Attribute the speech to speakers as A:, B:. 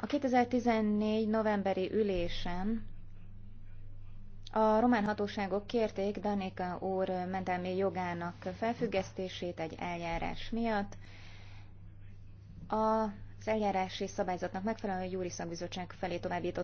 A: A 2014 novemberi ülésen a román hatóságok kérték Danika úr mentelmi jogának felfüggesztését egy eljárás miatt. Az eljárási szabályzatnak megfelelően a Júri Szakbizottság felé továbbított